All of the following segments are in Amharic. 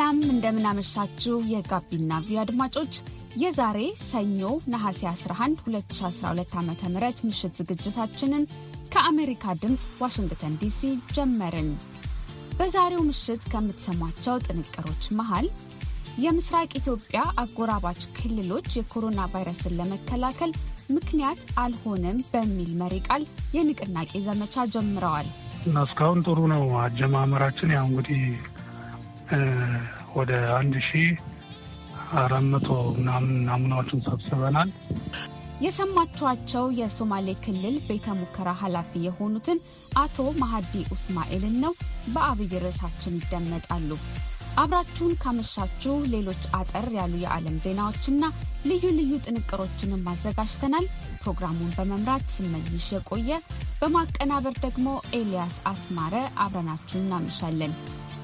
ሰላም እንደምናመሻችሁ የጋቢና ቪዮ አድማጮች የዛሬ ሰኞ ነሐሴ 11 2012 ዓ ም ምሽት ዝግጅታችንን ከአሜሪካ ድምፅ ዋሽንግተን ዲሲ ጀመርን። በዛሬው ምሽት ከምትሰሟቸው ጥንቅሮች መሃል የምስራቅ ኢትዮጵያ አጎራባች ክልሎች የኮሮና ቫይረስን ለመከላከል ምክንያት አልሆነም በሚል መሪ ቃል የንቅናቄ ዘመቻ ጀምረዋል እና እስካሁን ጥሩ ነው አጀማመራችን። ያው እንግዲህ ወደ አንድ ሺ አራት መቶ ምናምን ናሙናዎችን ሰብስበናል። የሰማችኋቸው የሶማሌ ክልል ቤተ ሙከራ ኃላፊ የሆኑትን አቶ ማሀዲ ኡስማኤልን ነው። በአብይ ርዕሳችን ይደመጣሉ። አብራችሁን ካመሻችሁ ሌሎች አጠር ያሉ የዓለም ዜናዎችና ልዩ ልዩ ጥንቅሮችንም አዘጋጅተናል። ፕሮግራሙን በመምራት ስመኝሽ የቆየ፣ በማቀናበር ደግሞ ኤልያስ አስማረ አብረናችሁ እናመሻለን።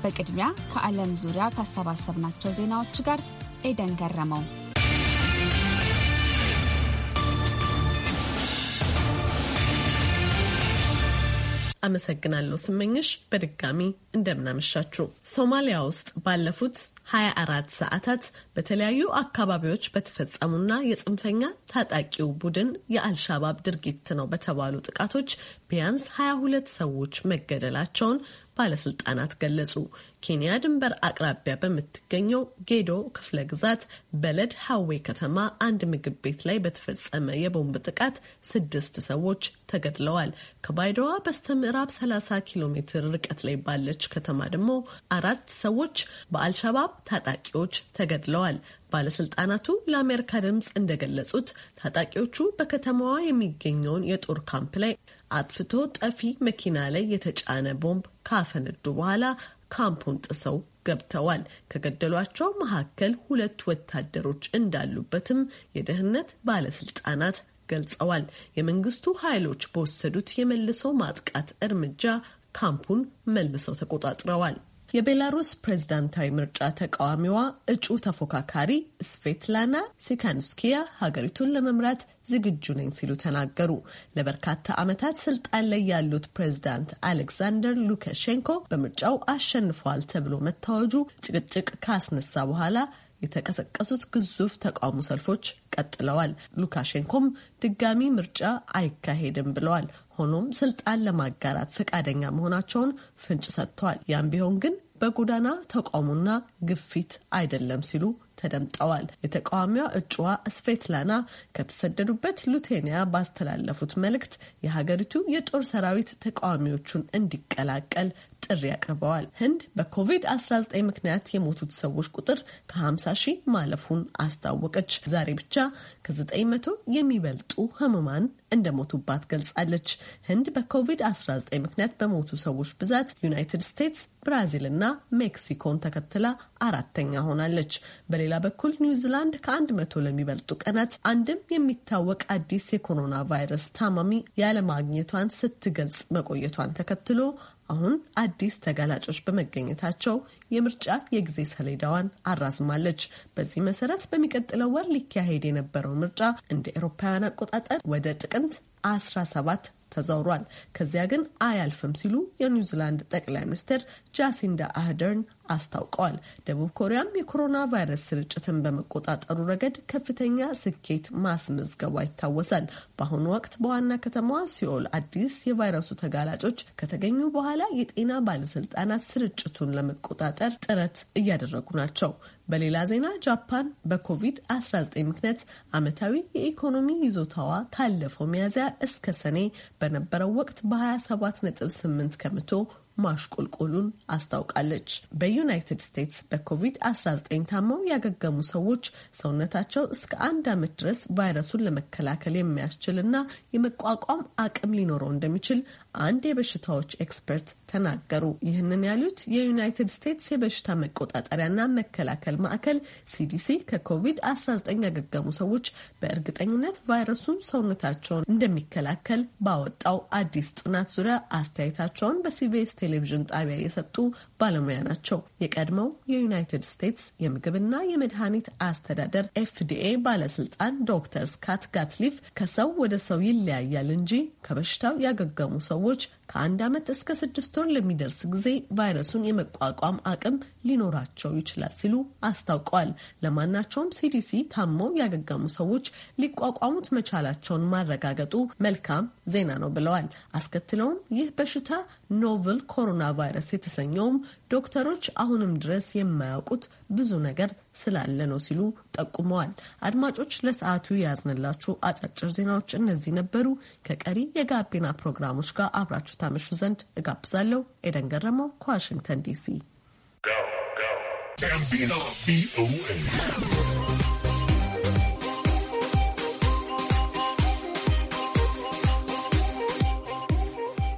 በቅድሚያ ከዓለም ዙሪያ ካሰባሰብናቸው ዜናዎች ጋር ኤደን ገረመው። አመሰግናለሁ ስመኝሽ። በድጋሚ እንደምናመሻችሁ። ሶማሊያ ውስጥ ባለፉት 24 ሰዓታት በተለያዩ አካባቢዎች በተፈጸሙና የጽንፈኛ ታጣቂው ቡድን የአልሻባብ ድርጊት ነው በተባሉ ጥቃቶች ቢያንስ 22 ሰዎች መገደላቸውን ባለስልጣናት ገለጹ። ኬንያ ድንበር አቅራቢያ በምትገኘው ጌዶ ክፍለ ግዛት በለድ ሀዌ ከተማ አንድ ምግብ ቤት ላይ በተፈጸመ የቦምብ ጥቃት ስድስት ሰዎች ተገድለዋል። ከባይደዋ በስተ ምዕራብ 30 ኪሎ ሜትር ርቀት ላይ ባለች ከተማ ደግሞ አራት ሰዎች በአልሸባብ ታጣቂዎች ተገድለዋል። ባለስልጣናቱ ለአሜሪካ ድምፅ እንደገለጹት ታጣቂዎቹ በከተማዋ የሚገኘውን የጦር ካምፕ ላይ አጥፍቶ ጠፊ መኪና ላይ የተጫነ ቦምብ ካፈነዱ በኋላ ካምፑን ጥሰው ገብተዋል። ከገደሏቸው መካከል ሁለት ወታደሮች እንዳሉበትም የደህንነት ባለስልጣናት ገልጸዋል። የመንግስቱ ኃይሎች በወሰዱት የመልሶ ማጥቃት እርምጃ ካምፑን መልሰው ተቆጣጥረዋል። የቤላሩስ ፕሬዝዳንታዊ ምርጫ ተቃዋሚዋ እጩ ተፎካካሪ ስቬትላና ሴካንስኪያ ሀገሪቱን ለመምራት ዝግጁ ነኝ ሲሉ ተናገሩ። ለበርካታ ዓመታት ስልጣን ላይ ያሉት ፕሬዝዳንት አሌክዛንደር ሉካሼንኮ በምርጫው አሸንፈዋል ተብሎ መታወጁ ጭቅጭቅ ካስነሳ በኋላ የተቀሰቀሱት ግዙፍ ተቃውሞ ሰልፎች ቀጥለዋል። ሉካሼንኮም ድጋሚ ምርጫ አይካሄድም ብለዋል። ሆኖም ስልጣን ለማጋራት ፈቃደኛ መሆናቸውን ፍንጭ ሰጥተዋል። ያም ቢሆን ግን በጎዳና ተቃውሞና ግፊት አይደለም ሲሉ ተደምጠዋል። የተቃዋሚዋ እጩዋ ስቬትላና ከተሰደዱበት ሉቴኒያ ባስተላለፉት መልእክት የሀገሪቱ የጦር ሰራዊት ተቃዋሚዎቹን እንዲቀላቀል ጥሪ አቅርበዋል። ህንድ በኮቪድ-19 ምክንያት የሞቱት ሰዎች ቁጥር ከ50 ሺህ ማለፉን አስታወቀች። ዛሬ ብቻ ከ900 የሚበልጡ ህሙማን እንደሞቱባት ገልጻለች። ህንድ በኮቪድ-19 ምክንያት በሞቱ ሰዎች ብዛት ዩናይትድ ስቴትስ፣ ብራዚል እና ሜክሲኮን ተከትላ አራተኛ ሆናለች። በሌላ በኩል ኒውዚላንድ ከአንድ መቶ ለሚበልጡ ቀናት አንድም የሚታወቅ አዲስ የኮሮና ቫይረስ ታማሚ ያለማግኘቷን ስትገልጽ መቆየቷን ተከትሎ አሁን አዲስ ተጋላጮች በመገኘታቸው የምርጫ የጊዜ ሰሌዳዋን አራዝማለች። በዚህ መሰረት በሚቀጥለው ወር ሊካሄድ የነበረው ምርጫ እንደ ኤሮፓውያን አቆጣጠር ወደ ጥቅምት 17 ተዛውሯል። ከዚያ ግን አያልፍም ሲሉ የኒውዚላንድ ጠቅላይ ሚኒስትር ጃሲንዳ አህደርን አስታውቀዋል። ደቡብ ኮሪያም የኮሮና ቫይረስ ስርጭትን በመቆጣጠሩ ረገድ ከፍተኛ ስኬት ማስመዝገቧ ይታወሳል። በአሁኑ ወቅት በዋና ከተማዋ ሲኦል አዲስ የቫይረሱ ተጋላጮች ከተገኙ በኋላ የጤና ባለስልጣናት ስርጭቱን ለመቆጣጠር ጥረት እያደረጉ ናቸው። በሌላ ዜና ጃፓን በኮቪድ-19 ምክንያት ዓመታዊ የኢኮኖሚ ይዞታዋ ካለፈው ሚያዝያ እስከ ሰኔ በነበረው ወቅት በ27.8 ከመቶ ማሽቆልቆሉን አስታውቃለች። በዩናይትድ ስቴትስ በኮቪድ-19 ታመው ያገገሙ ሰዎች ሰውነታቸው እስከ አንድ ዓመት ድረስ ቫይረሱን ለመከላከል የሚያስችል እና የመቋቋም አቅም ሊኖረው እንደሚችል አንድ የበሽታዎች ኤክስፐርት ተናገሩ። ይህንን ያሉት የዩናይትድ ስቴትስ የበሽታ መቆጣጠሪያና መከላከል ማዕከል ሲዲሲ ከኮቪድ-19 ያገገሙ ሰዎች በእርግጠኝነት ቫይረሱን ሰውነታቸውን እንደሚከላከል ባወጣው አዲስ ጥናት ዙሪያ አስተያየታቸውን በሲቪኤስ ቴሌቪዥን ጣቢያ የሰጡ ባለሙያ ናቸው። የቀድሞው የዩናይትድ ስቴትስ የምግብና የመድኃኒት አስተዳደር ኤፍዲኤ ባለስልጣን ዶክተር ስካት ጋትሊፍ ከሰው ወደ ሰው ይለያያል እንጂ ከበሽታው ያገገሙ ሰዎች ከአንድ ዓመት እስከ ስድስት ወር ለሚደርስ ጊዜ ቫይረሱን የመቋቋም አቅም ሊኖራቸው ይችላል ሲሉ አስታውቀዋል። ለማናቸውም ሲዲሲ ታመው ያገገሙ ሰዎች ሊቋቋሙት መቻላቸውን ማረጋገጡ መልካም ዜና ነው ብለዋል። አስከትለውም ይህ በሽታ ኖቨል ኮሮና ቫይረስ የተሰኘውም ዶክተሮች አሁንም ድረስ የማያውቁት ብዙ ነገር ስላለ ነው ሲሉ ጠቁመዋል። አድማጮች ለሰዓቱ የያዝንላችሁ አጫጭር ዜናዎች እነዚህ ነበሩ። ከቀሪ የጋቢና ፕሮግራሞች ጋር አብራችሁ አብራችሁ ታመሹ ዘንድ እጋብዛለሁ። ኤደን ገረመው ከዋሽንግተን ዲሲ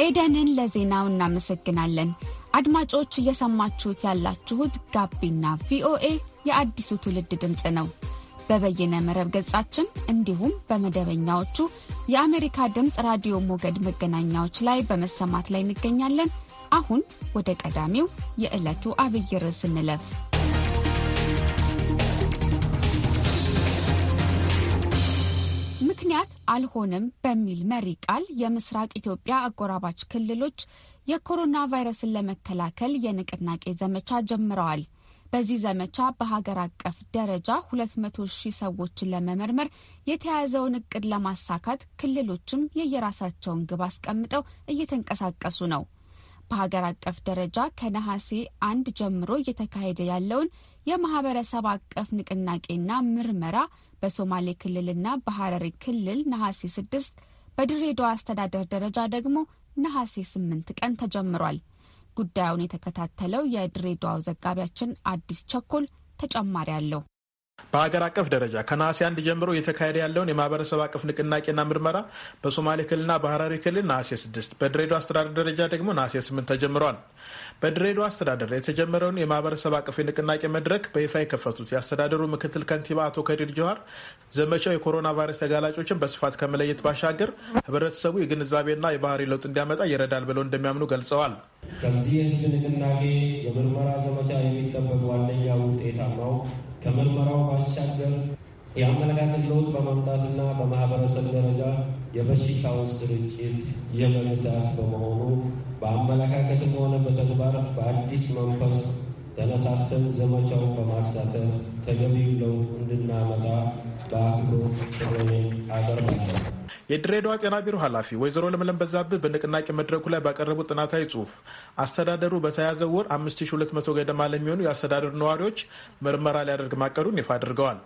ኤደንን ለዜናው እናመሰግናለን። አድማጮች እየሰማችሁት ያላችሁት ጋቢና ቪኦኤ የአዲሱ ትውልድ ድምፅ ነው። በበይነ መረብ ገጻችን እንዲሁም በመደበኛዎቹ የአሜሪካ ድምፅ ራዲዮ ሞገድ መገናኛዎች ላይ በመሰማት ላይ እንገኛለን። አሁን ወደ ቀዳሚው የዕለቱ አብይ ርዕስ እንለፍ። ምክንያት አልሆንም በሚል መሪ ቃል የምስራቅ ኢትዮጵያ አጎራባች ክልሎች የኮሮና ቫይረስን ለመከላከል የንቅናቄ ዘመቻ ጀምረዋል። በዚህ ዘመቻ በሀገር አቀፍ ደረጃ ሁለት መቶ ሺህ ሰዎችን ለመመርመር የተያያዘውን እቅድ ለማሳካት ክልሎችም የየራሳቸውን ግብ አስቀምጠው እየተንቀሳቀሱ ነው። በሀገር አቀፍ ደረጃ ከነሐሴ አንድ ጀምሮ እየተካሄደ ያለውን የማህበረሰብ አቀፍ ንቅናቄና ምርመራ በሶማሌ ክልልና በሀረሪ ክልል ነሐሴ ስድስት በድሬዳዋ አስተዳደር ደረጃ ደግሞ ነሐሴ ስምንት ቀን ተጀምሯል። ጉዳዩን የተከታተለው የድሬዳዋ ዘጋቢያችን አዲስ ቸኮል ተጨማሪ አለው። በሀገር አቀፍ ደረጃ ከነሐሴ አንድ ጀምሮ እየተካሄደ ያለውን የማህበረሰብ አቀፍ ንቅናቄና ምርመራ በሶማሌ ክልልና በሀራሪ ክልል ነሐሴ ስድስት በድሬዳዋ አስተዳደር ደረጃ ደግሞ ነሐሴ ስምንት ተጀምሯል። በድሬዳዋ አስተዳደር የተጀመረውን የማህበረሰብ አቀፍ የንቅናቄ መድረክ በይፋ የከፈቱት የአስተዳደሩ ምክትል ከንቲባ አቶ ከዲር ጀዋር ዘመቻው የኮሮና ቫይረስ ተጋላጮችን በስፋት ከመለየት ባሻገር ህብረተሰቡ የግንዛቤና የባህሪ ለውጥ እንዲያመጣ ይረዳል ብለው እንደሚያምኑ ገልጸዋል። ከዚህ የህዝብ ንቅናቄ የምርመራ ዘመቻ የሚጠበቅ ዋነኛ ውጤታማው ከምርመራው ባሻገር የአመለካከት ለውጥ በማምጣትና በማህበረሰብ ደረጃ የበሽታውን ስርጭት የመግታት በመሆኑ በአመለካከትም ሆነ በተግባር በአዲስ መንፈስ ተነሳስተን ዘመቻውን በማሳተፍ ተገቢው ለውጥ እንድናመጣ በአክብሮት ጥሬን አቀርባለሁ። የድሬዳዋ ጤና ቢሮ ኃላፊ ወይዘሮ ለምለም በዛብህ በንቅናቄ መድረኩ ላይ ባቀረቡት ጥናታዊ ጽሁፍ አስተዳደሩ በተያዘው ወር 5200 ገደማ ለሚሆኑ የአስተዳደሩ ነዋሪዎች ምርመራ ሊያደርግ ማቀዱን ይፋ አድርገዋል።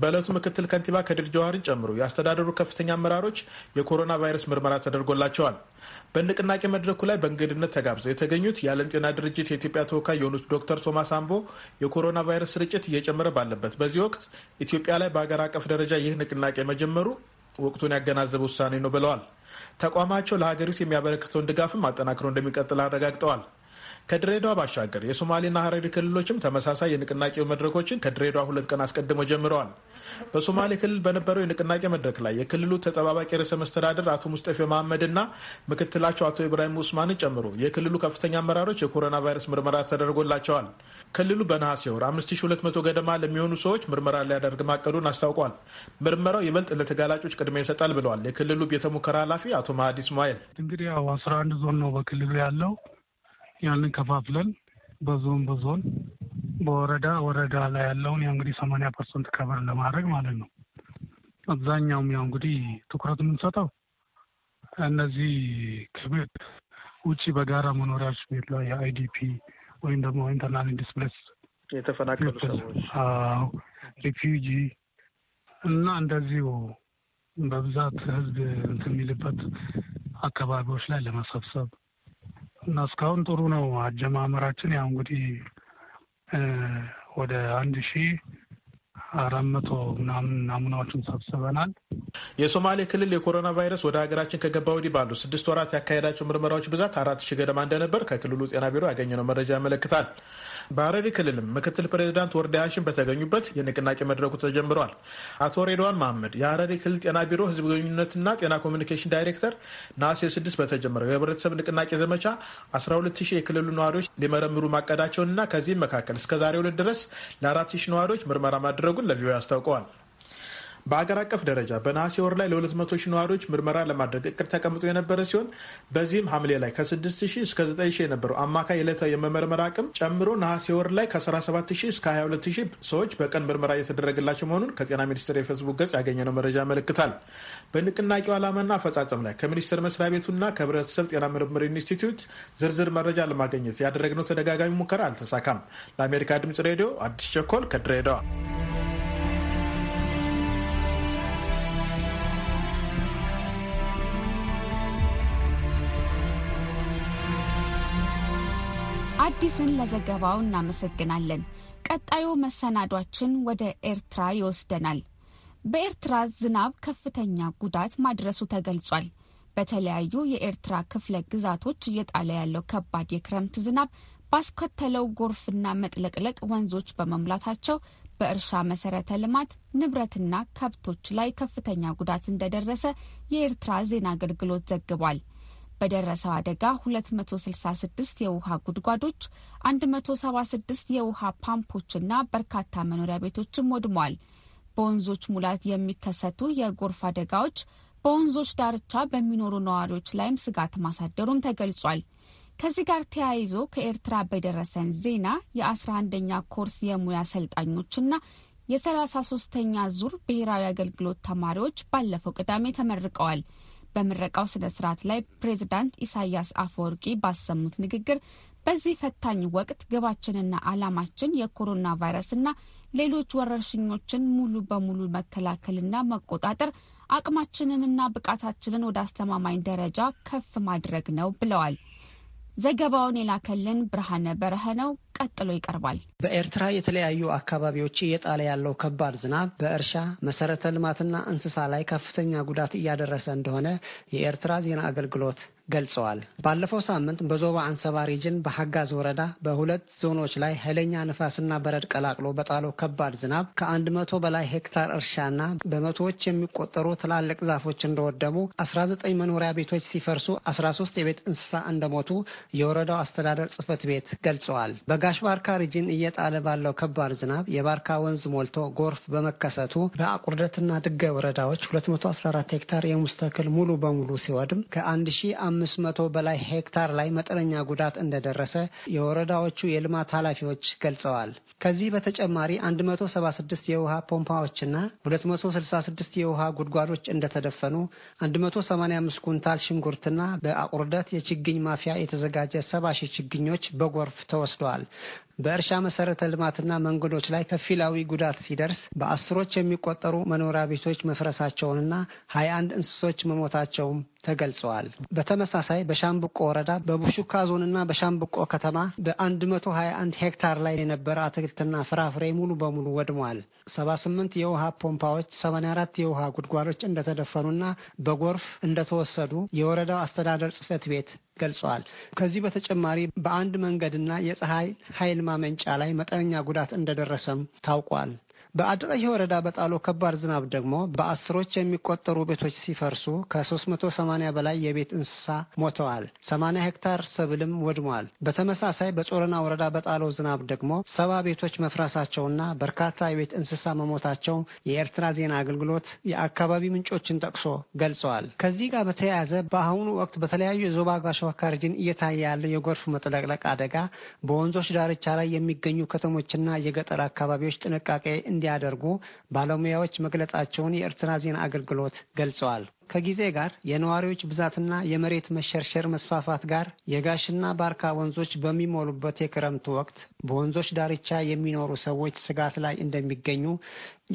በእለቱ ምክትል ከንቲባ ከድር ጀዋርን ጨምሮ የአስተዳደሩ ከፍተኛ አመራሮች የኮሮና ቫይረስ ምርመራ ተደርጎላቸዋል። በንቅናቄ መድረኩ ላይ በእንግድነት ተጋብዘው የተገኙት የዓለም ጤና ድርጅት የኢትዮጵያ ተወካይ የሆኑት ዶክተር ቶማስ አምቦ የኮሮና ቫይረስ ስርጭት እየጨመረ ባለበት በዚህ ወቅት ኢትዮጵያ ላይ በሀገር አቀፍ ደረጃ ይህ ንቅናቄ መጀመሩ ወቅቱን ያገናዘበ ውሳኔ ነው ብለዋል። ተቋማቸው ለሀገሪቱ የሚያበረክተውን ድጋፍም አጠናክሮ እንደሚቀጥል አረጋግጠዋል። ከድሬዳዋ ባሻገር የሶማሌና ሀረሪ ክልሎችም ተመሳሳይ የንቅናቄ መድረኮችን ከድሬዳዋ ሁለት ቀን አስቀድሞ ጀምረዋል። በሶማሌ ክልል በነበረው የንቅናቄ መድረክ ላይ የክልሉ ተጠባባቂ ርዕሰ መስተዳደር አቶ ሙስጠፌ መሐመድና ምክትላቸው አቶ ኢብራሂም ኡስማንን ጨምሮ የክልሉ ከፍተኛ አመራሮች የኮሮና ቫይረስ ምርመራ ተደርጎላቸዋል። ክልሉ በነሐሴ ወር 5200 ገደማ ለሚሆኑ ሰዎች ምርመራ ሊያደርግ ማቀዱን አስታውቋል። ምርመራው ይበልጥ ለተጋላጮች ቅድሚያ ይሰጣል ብለዋል የክልሉ ቤተ ሙከራ ኃላፊ አቶ ማሀዲስ እስማኤል። እንግዲህ ያው 11 ዞን ነው በክልሉ ያለው ያንን ከፋፍለን በዞን በዞን በወረዳ ወረዳ ላይ ያለውን ያው እንግዲህ ሰማንያ ፐርሰንት ከበር ለማድረግ ማለት ነው። አብዛኛውም ያው እንግዲህ ትኩረት የምንሰጠው እነዚህ ከቤት ውጭ በጋራ መኖሪያዎች ቤት ላይ የአይዲፒ ወይም ደግሞ ኢንተርናል ዲስፕሌስ የተፈናቀሉ ሰዎች ሪፊውጂ እና እንደዚሁ በብዛት ህዝብ የሚልበት አካባቢዎች ላይ ለመሰብሰብ እና እስካሁን ጥሩ ነው አጀማመራችን። ያው እንግዲህ ወደ አንድ ሺህ አራት መቶ ምናምን ናሙናዎችን ሰብስበናል። የሶማሌ ክልል የኮሮና ቫይረስ ወደ ሀገራችን ከገባ ወዲህ ባሉ ስድስት ወራት ያካሄዳቸው ምርመራዎች ብዛት አራት ሺህ ገደማ እንደነበር ከክልሉ ጤና ቢሮ ያገኘነው መረጃ ያመለክታል። በሀረሪ ክልልም ምክትል ፕሬዚዳንት ወርደ ያሽን በተገኙበት የንቅናቄ መድረኩ ተጀምረዋል። አቶ ሬድዋን መሐመድ የሀረሪ ክልል ጤና ቢሮ ህዝብ ግንኙነትና ጤና ኮሚኒኬሽን ዳይሬክተር ነሐሴ ስድስት በተጀመረው የህብረተሰብ ንቅናቄ ዘመቻ ሺህ የክልሉ ነዋሪዎች ሊመረምሩ ማቀዳቸውንና ከዚህም መካከል እስከ ዛሬ ሁለት ድረስ ለአራት ሺህ ነዋሪዎች ምርመራ ማድረጉ ማድረጉን ለቪኦኤ አስታውቀዋል። በአገር አቀፍ ደረጃ በነሐሴ ወር ላይ ለሁለት መቶ ሺህ ነዋሪዎች ምርመራ ለማድረግ እቅድ ተቀምጦ የነበረ ሲሆን በዚህም ሐምሌ ላይ ከ6 ሺህ እስከ 9 ሺህ የነበረው አማካይ ዕለተ የመመርመር አቅም ጨምሮ ነሐሴ ወር ላይ ከ17 ሺህ እስከ 22 ሺህ ሰዎች በቀን ምርመራ እየተደረገላቸው መሆኑን ከጤና ሚኒስቴር የፌስቡክ ገጽ ያገኘነው መረጃ ያመለክታል። በንቅናቄው ዓላማና አፈጻጸም ላይ ከሚኒስቴር መስሪያ ቤቱና ከህብረተሰብ ጤና ምርምር ኢንስቲትዩት ዝርዝር መረጃ ለማግኘት ያደረግነው ተደጋጋሚ ሙከራ አልተሳካም። ለአሜሪካ ድምጽ ሬዲዮ አዲስ ቸኮል ከድሬዳዋ አዲስን ለዘገባው እናመሰግናለን። ቀጣዩ መሰናዷችን ወደ ኤርትራ ይወስደናል። በኤርትራ ዝናብ ከፍተኛ ጉዳት ማድረሱ ተገልጿል። በተለያዩ የኤርትራ ክፍለ ግዛቶች እየጣለ ያለው ከባድ የክረምት ዝናብ ባስከተለው ጎርፍና መጥለቅለቅ ወንዞች በመሙላታቸው በእርሻ መሰረተ ልማት ንብረትና ከብቶች ላይ ከፍተኛ ጉዳት እንደደረሰ የኤርትራ ዜና አገልግሎት ዘግቧል። በደረሰው አደጋ 266 የውሃ ጉድጓዶች፣ 176 የውሃ ፓምፖችና በርካታ መኖሪያ ቤቶችም ወድመዋል። በወንዞች ሙላት የሚከሰቱ የጎርፍ አደጋዎች በወንዞች ዳርቻ በሚኖሩ ነዋሪዎች ላይም ስጋት ማሳደሩም ተገልጿል። ከዚህ ጋር ተያይዞ ከኤርትራ በደረሰን ዜና የ11ኛ ኮርስ የሙያ አሰልጣኞችና የ33ኛ ዙር ብሔራዊ አገልግሎት ተማሪዎች ባለፈው ቅዳሜ ተመርቀዋል። በምረቃው ስነ ስርዓት ላይ ፕሬዚዳንት ኢሳያስ አፈወርቂ ባሰሙት ንግግር በዚህ ፈታኝ ወቅት ግባችንና አላማችን የኮሮና ቫይረስና ሌሎች ወረርሽኞችን ሙሉ በሙሉ መከላከልና መቆጣጠር አቅማችንንና ብቃታችንን ወደ አስተማማኝ ደረጃ ከፍ ማድረግ ነው ብለዋል። ዘገባውን የላከልን ብርሃነ በረሀ ነው። ቀጥሎ ይቀርባል። በኤርትራ የተለያዩ አካባቢዎች እየጣለ ያለው ከባድ ዝናብ በእርሻ መሰረተ ልማትና እንስሳ ላይ ከፍተኛ ጉዳት እያደረሰ እንደሆነ የኤርትራ ዜና አገልግሎት ገልጸዋል። ባለፈው ሳምንት በዞባ አንሰባ ሪጅን በሀጋዝ ወረዳ በሁለት ዞኖች ላይ ኃይለኛ ንፋስና በረድ ቀላቅሎ በጣለው ከባድ ዝናብ ከአንድ መቶ በላይ ሄክታር እርሻና በመቶዎች የሚቆጠሩ ትላልቅ ዛፎች እንደወደሙ፣ 19 መኖሪያ ቤቶች ሲፈርሱ፣ 13 የቤት እንስሳ እንደሞቱ የወረዳው አስተዳደር ጽህፈት ቤት ገልጸዋል። በጋሽ ባርካ ሪጅን እየጣለ ባለው ከባድ ዝናብ የባርካ ወንዝ ሞልቶ ጎርፍ በመከሰቱ በአቁርደትና ድገ ወረዳዎች 214 ሄክታር የሙዝ ተክል ሙሉ በሙሉ ሲወድም ከ1 አምስት መቶ በላይ ሄክታር ላይ መጠነኛ ጉዳት እንደደረሰ የወረዳዎቹ የልማት ኃላፊዎች ገልጸዋል። ከዚህ በተጨማሪ 176 የውሃ ፖምፓዎችና 266 የውሃ ጉድጓዶች እንደተደፈኑ፣ 185 ኩንታል ሽንኩርትና በአቁርደት የችግኝ ማፍያ የተዘጋጀ ሰባ ሺህ ችግኞች በጎርፍ ተወስደዋል። በእርሻ መሰረተ ልማትና መንገዶች ላይ ከፊላዊ ጉዳት ሲደርስ በአስሮች የሚቆጠሩ መኖሪያ ቤቶች መፍረሳቸውንና ሀያ አንድ እንስሶች መሞታቸውም ተገልጸዋል። በተመሳሳይ በሻምብቆ ወረዳ በቡሹካ ዞንና በሻምብቆ ከተማ በ121 ሄክታር ላይ የነበረ አትክልትና ፍራፍሬ ሙሉ በሙሉ ወድሟል። ስምንት የውሃ ፖምፓዎች፣ 84 የውሃ ጉድጓዶች እንደተደፈኑና በጎርፍ እንደተወሰዱ የወረዳው አስተዳደር ጽፈት ቤት ገልጸዋል። ከዚህ በተጨማሪ በአንድ መንገድና የፀሐይ ኃይል ማመንጫ ላይ መጠነኛ ጉዳት እንደደረሰም ታውቋል። በአድራሂ ወረዳ በጣሎ ከባድ ዝናብ ደግሞ በአስሮች የሚቆጠሩ ቤቶች ሲፈርሱ ከ380 በላይ የቤት እንስሳ ሞተዋል። 80 ሄክታር ሰብልም ወድሟል። በተመሳሳይ በጾረና ወረዳ በጣሎ ዝናብ ደግሞ ሰባ ቤቶች መፍረሳቸውና በርካታ የቤት እንስሳ መሞታቸው የኤርትራ ዜና አገልግሎት የአካባቢ ምንጮችን ጠቅሶ ገልጸዋል። ከዚህ ጋር በተያያዘ በአሁኑ ወቅት በተለያዩ የዞባ ጋሾካ ሪጅን እየታየ ያለው የጎርፍ መጥለቅለቅ አደጋ በወንዞች ዳርቻ ላይ የሚገኙ ከተሞችና የገጠር አካባቢዎች ጥንቃቄ እንዲያደርጉ ባለሙያዎች መግለጻቸውን የኤርትራ ዜና አገልግሎት ገልጸዋል። ከጊዜ ጋር የነዋሪዎች ብዛትና የመሬት መሸርሸር መስፋፋት ጋር የጋሽና ባርካ ወንዞች በሚሞሉበት የክረምት ወቅት በወንዞች ዳርቻ የሚኖሩ ሰዎች ስጋት ላይ እንደሚገኙ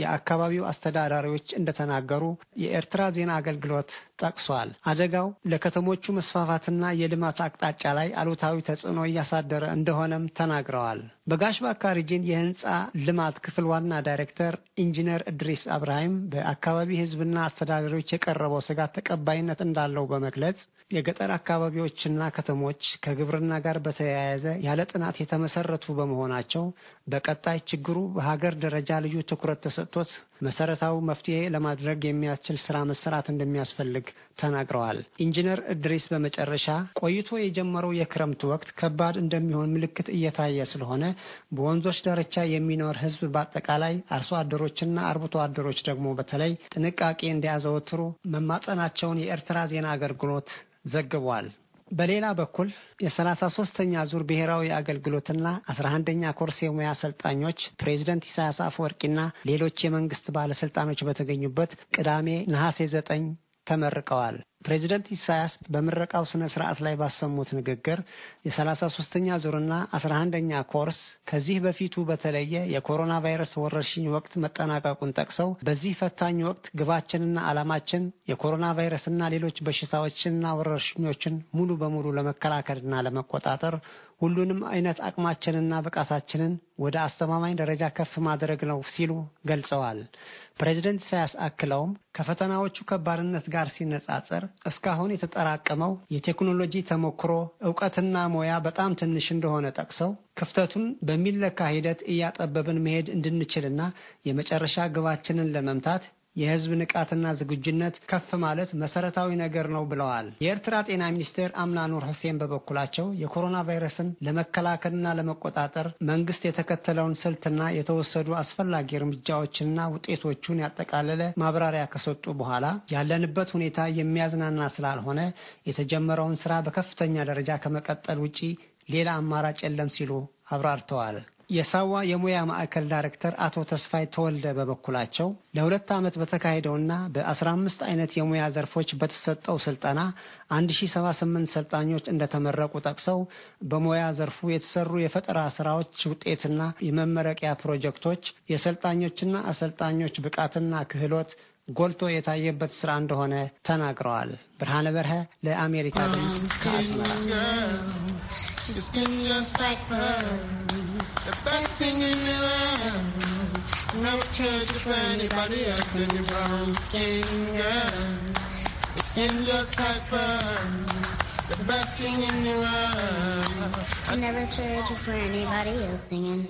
የአካባቢው አስተዳዳሪዎች እንደተናገሩ የኤርትራ ዜና አገልግሎት ጠቅሷል። አደጋው ለከተሞቹ መስፋፋትና የልማት አቅጣጫ ላይ አሉታዊ ተጽዕኖ እያሳደረ እንደሆነም ተናግረዋል። በጋሽ ባርካ ሪጅን የህንፃ ልማት ክፍል ዋና ዳይሬክተር ኢንጂነር እድሪስ አብርሃም በአካባቢ ህዝብና አስተዳዳሪዎች የቀረበው ስጋት ተቀባይነት እንዳለው በመግለጽ የገጠር አካባቢዎችና ከተሞች ከግብርና ጋር በተያያዘ ያለ ጥናት የተመሰረቱ በመሆናቸው በቀጣይ ችግሩ በሀገር ደረጃ ልዩ ትኩረት ተሰጥቶት መሰረታዊ መፍትሄ ለማድረግ የሚያስችል ስራ መሰራት እንደሚያስፈልግ ተናግረዋል። ኢንጂነር እድሪስ በመጨረሻ ቆይቶ የጀመረው የክረምት ወቅት ከባድ እንደሚሆን ምልክት እየታየ ስለሆነ በወንዞች ዳርቻ የሚኖር ህዝብ በአጠቃላይ አርሶ አደሮችና አርብቶ አደሮች ደግሞ በተለይ ጥንቃቄ እንዲያዘወትሩ መማጸናቸውን የኤርትራ ዜና አገልግሎት ዘግቧል። በሌላ በኩል የሰላሳ ሶስተኛ ዙር ብሔራዊ አገልግሎትና አስራ አንደኛ ኮርስ የሙያ አሰልጣኞች ፕሬዚደንት ኢሳያስ አፈወርቂና ሌሎች የመንግስት ባለስልጣኖች በተገኙበት ቅዳሜ ነሐሴ ዘጠኝ ተመርቀዋል። ፕሬዚደንት ኢሳያስ በምረቃው ስነ ስርዓት ላይ ባሰሙት ንግግር የሰላሳ ሶስተኛ ዙርና አስራ አንደኛ ኮርስ ከዚህ በፊቱ በተለየ የኮሮና ቫይረስ ወረርሽኝ ወቅት መጠናቀቁን ጠቅሰው በዚህ ፈታኝ ወቅት ግባችንና ዓላማችን የኮሮና ቫይረስና ሌሎች በሽታዎችንና ወረርሽኞችን ሙሉ በሙሉ ለመከላከልና ለመቆጣጠር ሁሉንም አይነት አቅማችንና ብቃታችንን ወደ አስተማማኝ ደረጃ ከፍ ማድረግ ነው ሲሉ ገልጸዋል። ፕሬዚደንት ኢሳያስ አክለውም ከፈተናዎቹ ከባድነት ጋር ሲነጻጸር እስካሁን የተጠራቀመው የቴክኖሎጂ ተሞክሮ እውቀትና ሙያ በጣም ትንሽ እንደሆነ ጠቅሰው ክፍተቱን በሚለካ ሂደት እያጠበብን መሄድ እንድንችልና የመጨረሻ ግባችንን ለመምታት የህዝብ ንቃትና ዝግጁነት ከፍ ማለት መሰረታዊ ነገር ነው ብለዋል። የኤርትራ ጤና ሚኒስቴር አምና ኑር ሁሴን በበኩላቸው የኮሮና ቫይረስን ለመከላከልና ለመቆጣጠር መንግስት የተከተለውን ስልትና የተወሰዱ አስፈላጊ እርምጃዎችንና ውጤቶቹን ያጠቃለለ ማብራሪያ ከሰጡ በኋላ ያለንበት ሁኔታ የሚያዝናና ስላልሆነ የተጀመረውን ስራ በከፍተኛ ደረጃ ከመቀጠል ውጪ ሌላ አማራጭ የለም ሲሉ አብራርተዋል። የሳዋ የሙያ ማዕከል ዳይሬክተር አቶ ተስፋይ ተወልደ በበኩላቸው ለሁለት ዓመት በተካሄደውና በ15 አይነት የሙያ ዘርፎች በተሰጠው ስልጠና 1078 ሰልጣኞች እንደተመረቁ ጠቅሰው በሙያ ዘርፉ የተሰሩ የፈጠራ ስራዎች ውጤትና የመመረቂያ ፕሮጀክቶች የሰልጣኞችና አሰልጣኞች ብቃትና ክህሎት ጎልቶ የታየበት ስራ እንደሆነ ተናግረዋል። ብርሃነ በርሀ ለአሜሪካ ድምፅ ከአስመራ The best thing in the world. No church for anybody else in the brown skin girl. The skin just like pearl. The best thing in the world. I never you for anybody else singing.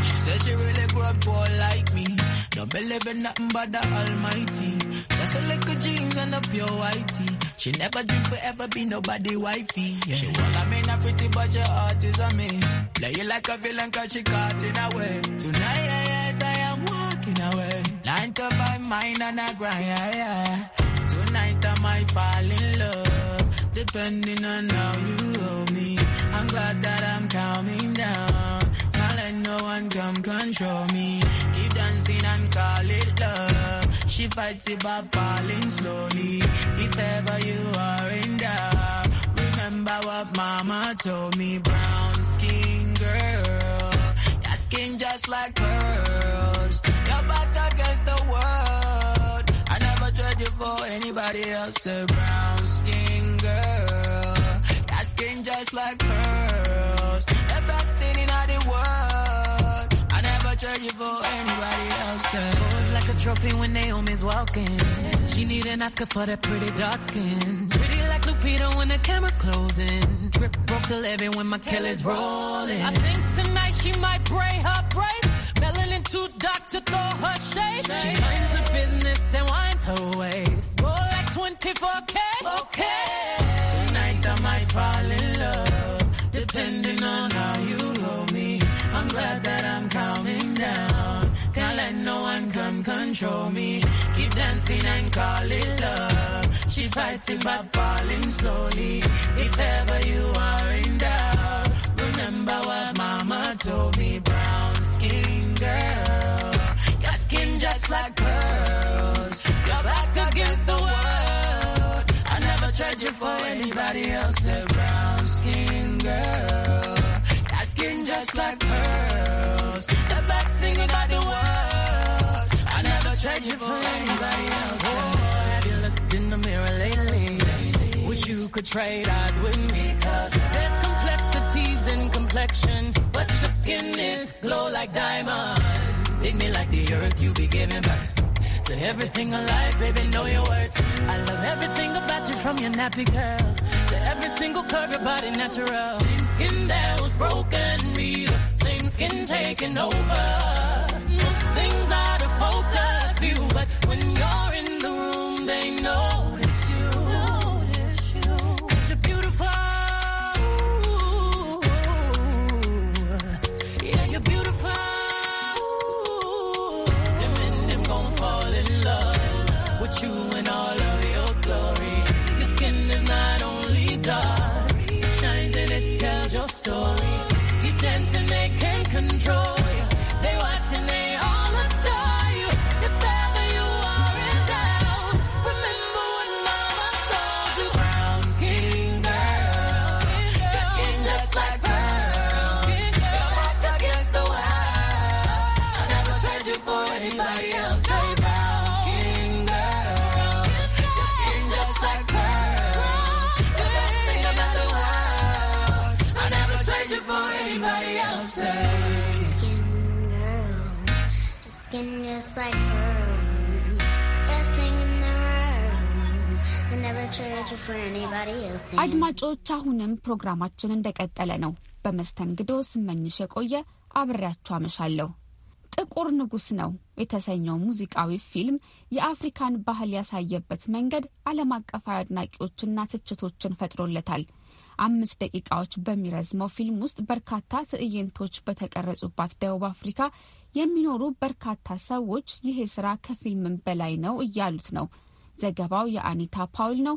She says she really grew up poor like me. Don't believe in nothing but the Almighty. Just a little jeans and a pure white tee. She never dream forever be nobody wifey. Yeah. She want me in a pretty but your heart is a miss. Play you like a villain cause she caught in a way. Tonight I am walking away. Nine to five mine and I grind. Yeah, yeah. Tonight I might fall in love. Depending on how you hold me. I'm glad that I'm calming down. Can't let no one come control me. Keep dancing and call it love. She fights it by falling slowly. If ever you are in doubt, remember what mama told me. Brown skin girl, your skin just like pearls. Your back against the world. I never trade you for anybody else. A brown skin girl, your skin just like pearls. The best thing in the world trade you for anybody else. Pose like a trophy when Naomi's walking. She need an Oscar for that pretty dark skin. Pretty like Lupita when the camera's closing. Drip broke the levee when my killer's rolling. I think tonight she might break her brains. Melanin too dark to throw her shade. She minds her business and winds her waist. Roll like 24K. Okay. Tonight I might fall in love, depending on how down. Can't let no one come control me. Keep dancing and call it love. She fighting but falling slowly. If ever you are in doubt, remember what mama told me. Brown skin girl, got skin just like pearls. You're back against the world. I never trade you for anybody else. A brown skin girl, got skin just like pearls. I never traded for anybody else. Oh, have you looked in the mirror lately? Wish you could trade eyes with me. Cause there's complexities in complexion, but your skin is glow like diamonds. Dig me like the earth, you be giving birth to everything alive, baby, know your worth. I love everything about you from your nappy curls to every single curve, your body natural. Same skin that was broken, me skin taking over. Most things out of focus view, but when you're አድማጮች፣ አሁንም ፕሮግራማችን እንደቀጠለ ነው። በመስተንግዶ ስመኝሽ የቆየ አብሬያችሁ አመሻለሁ። ጥቁር ንጉስ ነው የተሰኘው ሙዚቃዊ ፊልም የአፍሪካን ባህል ያሳየበት መንገድ ዓለም አቀፋዊ አድናቂዎችና ትችቶችን ፈጥሮለታል። አምስት ደቂቃዎች በሚረዝመው ፊልም ውስጥ በርካታ ትዕይንቶች በተቀረጹባት ደቡብ አፍሪካ የሚኖሩ በርካታ ሰዎች ይሄ ስራ ከፊልምም በላይ ነው እያሉት ነው። ዘገባው የአኒታ ፓውል ነው።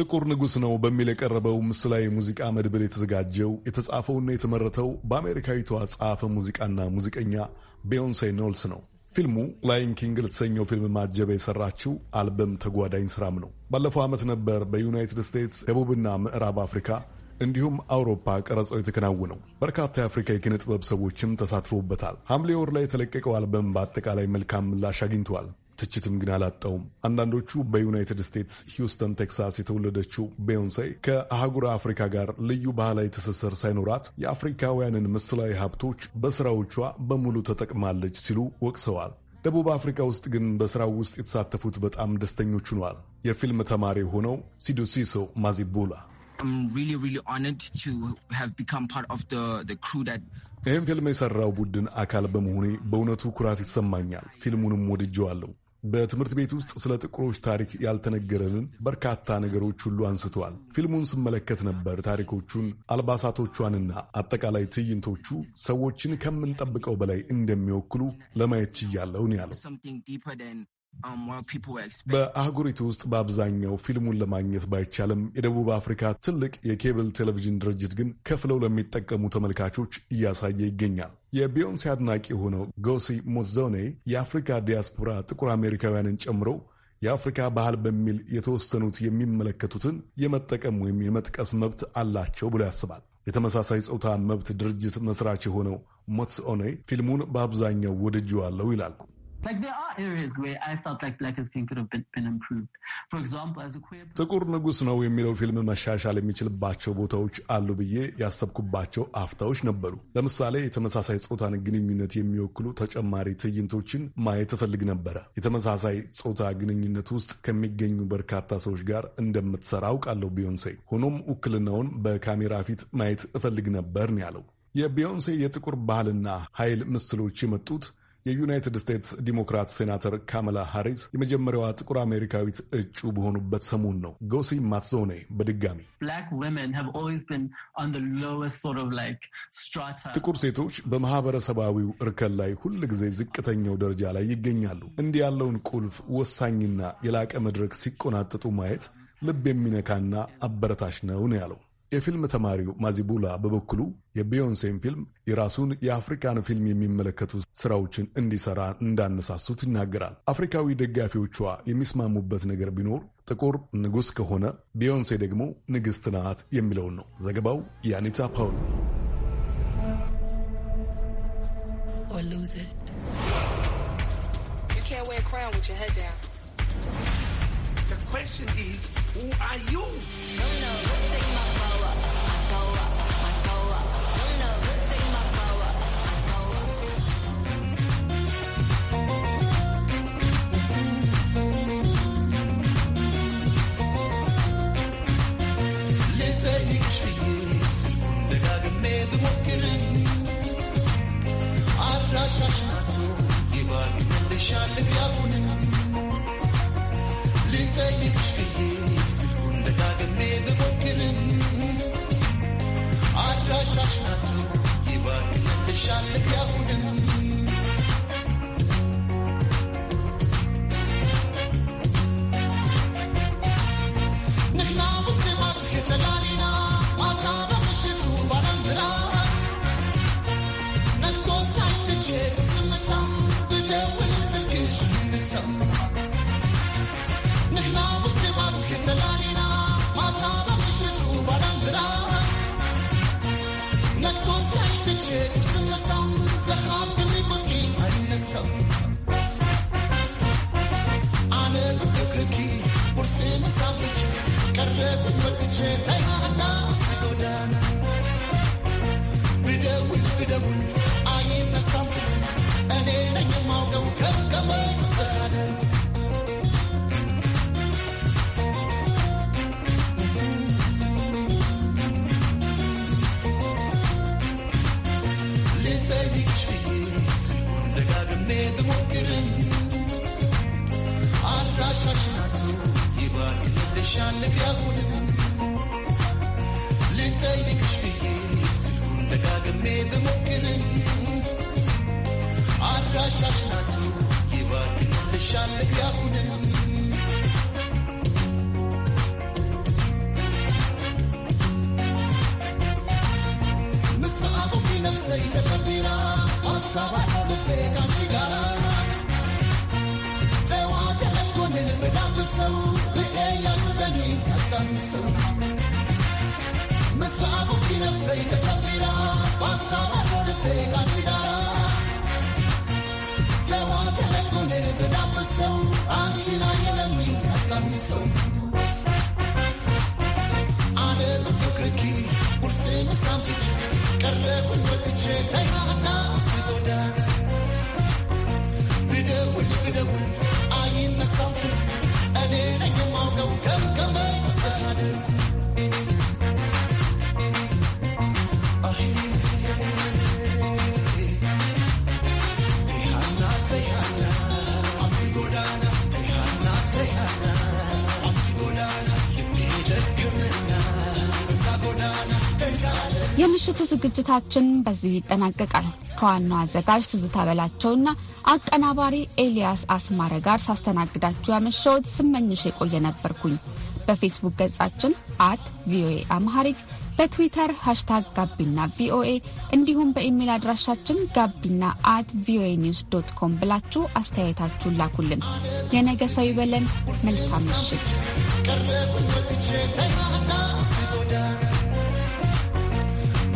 ጥቁር ንጉሥ ነው በሚል የቀረበው ምስላዊ ሙዚቃ መድብል የተዘጋጀው የተጻፈውና የተመረተው በአሜሪካዊቷ ጸሐፈ ሙዚቃና ሙዚቀኛ ቤዮንሴ ኖልስ ነው። ፊልሙ ላይን ኪንግ ለተሰኘው ፊልም ማጀበ የሰራችው አልበም ተጓዳኝ ስራም ነው። ባለፈው ዓመት ነበር በዩናይትድ ስቴትስ ደቡብና ምዕራብ አፍሪካ እንዲሁም አውሮፓ ቀረጸው የተከናወነው። በርካታ የአፍሪካ የኪነ ጥበብ ሰዎችም ተሳትፎበታል። ሐምሌ ወር ላይ የተለቀቀው አልበም በአጠቃላይ መልካም ምላሽ አግኝተዋል። ትችትም ግን አላጣውም። አንዳንዶቹ በዩናይትድ ስቴትስ ሂውስተን፣ ቴክሳስ የተወለደችው ቤዮንሴ ከአህጉር አፍሪካ ጋር ልዩ ባህላዊ ትስስር ሳይኖራት የአፍሪካውያንን ምስላዊ ሀብቶች በስራዎቿ በሙሉ ተጠቅማለች ሲሉ ወቅሰዋል። ደቡብ አፍሪካ ውስጥ ግን በስራው ውስጥ የተሳተፉት በጣም ደስተኞች ሆነዋል። የፊልም ተማሪ ሆነው ሲዱሲሶ ማዚቡላ ይህም ፊልም የሰራው ቡድን አካል በመሆኔ በእውነቱ ኩራት ይሰማኛል። ፊልሙንም ወድጀዋለሁ። በትምህርት ቤት ውስጥ ስለ ጥቁሮች ታሪክ ያልተነገረንን በርካታ ነገሮች ሁሉ አንስተዋል። ፊልሙን ስመለከት ነበር ታሪኮቹን፣ አልባሳቶቿንና አጠቃላይ ትዕይንቶቹ ሰዎችን ከምንጠብቀው በላይ እንደሚወክሉ ለማየት ችያለሁ ያለው። Um, በአህጉሪቱ ውስጥ በአብዛኛው ፊልሙን ለማግኘት ባይቻልም የደቡብ አፍሪካ ትልቅ የኬብል ቴሌቪዥን ድርጅት ግን ከፍለው ለሚጠቀሙ ተመልካቾች እያሳየ ይገኛል። የቢዮንሴ አድናቂ የሆነው ጎሲ ሞዞኔ የአፍሪካ ዲያስፖራ ጥቁር አሜሪካውያንን ጨምሮ የአፍሪካ ባህል በሚል የተወሰኑት የሚመለከቱትን የመጠቀም ወይም የመጥቀስ መብት አላቸው ብሎ ያስባል። የተመሳሳይ ፆታ መብት ድርጅት መስራች የሆነው ሞትስኦኔ ፊልሙን በአብዛኛው ወድጄዋለሁ ይላል። ጥቁር ንጉሥ ነው የሚለው ፊልም መሻሻል የሚችልባቸው ቦታዎች አሉ ብዬ ያሰብኩባቸው አፍታዎች ነበሩ። ለምሳሌ የተመሳሳይ ጾታን ግንኙነት የሚወክሉ ተጨማሪ ትዕይንቶችን ማየት እፈልግ ነበረ። የተመሳሳይ ጾታ ግንኙነት ውስጥ ከሚገኙ በርካታ ሰዎች ጋር እንደምትሰራ አውቃለሁ ቢዮንሴ። ሆኖም ውክልናውን በካሜራ ፊት ማየት እፈልግ ነበር ያለው። የቢዮንሴ የጥቁር ባህልና ኃይል ምስሎች የመጡት የዩናይትድ ስቴትስ ዲሞክራት ሴናተር ካመላ ሃሪስ የመጀመሪያዋ ጥቁር አሜሪካዊት እጩ በሆኑበት ሰሞን ነው። ጎሲ ማትዞኔ በድጋሚ ጥቁር ሴቶች በማህበረሰባዊው እርከን ላይ ሁል ጊዜ ዝቅተኛው ደረጃ ላይ ይገኛሉ። እንዲህ ያለውን ቁልፍ ወሳኝና የላቀ መድረክ ሲቆናጠጡ ማየት ልብ የሚነካና አበረታሽ ነው ነው ያለው። የፊልም ተማሪው ማዚቡላ በበኩሉ የቢዮንሴን ፊልም የራሱን የአፍሪካን ፊልም የሚመለከቱ ስራዎችን እንዲሰራ እንዳነሳሱት ይናገራል። አፍሪካዊ ደጋፊዎቿ የሚስማሙበት ነገር ቢኖር ጥቁር ንጉሥ ከሆነ ቢዮንሴ ደግሞ ንግሥት ናት የሚለውን ነው። ዘገባው የአኒታ ፓውል ነው። The question is, who are you? No, no, take my Siempre fue cliché. لك يا غلول لي تايلك شفي سلكون لك أقمي بمكرم عرقاش عشناتو يبارك لشان لك يا غلول نفسي تشبيرا الصباح ببيك عن سيجارة تواجه لشكون اللي I am the I'll የምሽቱ ዝግጅታችን በዚሁ ይጠናቀቃል። ከዋናው አዘጋጅ ትዝታ በላቸውና አቀናባሪ ኤልያስ አስማረ ጋር ሳስተናግዳችሁ ያመሸሁት ስመኝሽ የቆየ ነበርኩኝ። በፌስቡክ ገጻችን አት ቪኦኤ አምሃሪክ በትዊተር ሃሽታግ ጋቢና ቪኦኤ እንዲሁም በኢሜይል አድራሻችን ጋቢና አት ቪኦኤ ኒውስ ዶት ኮም ብላችሁ አስተያየታችሁን ላኩልን። የነገ ሰው ይበለን። መልካም ምሽት።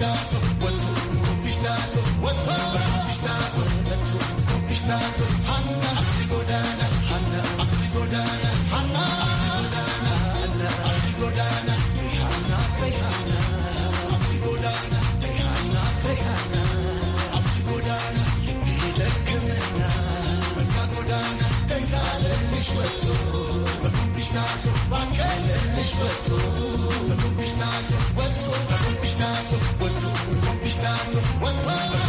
Let's go. Stato, what's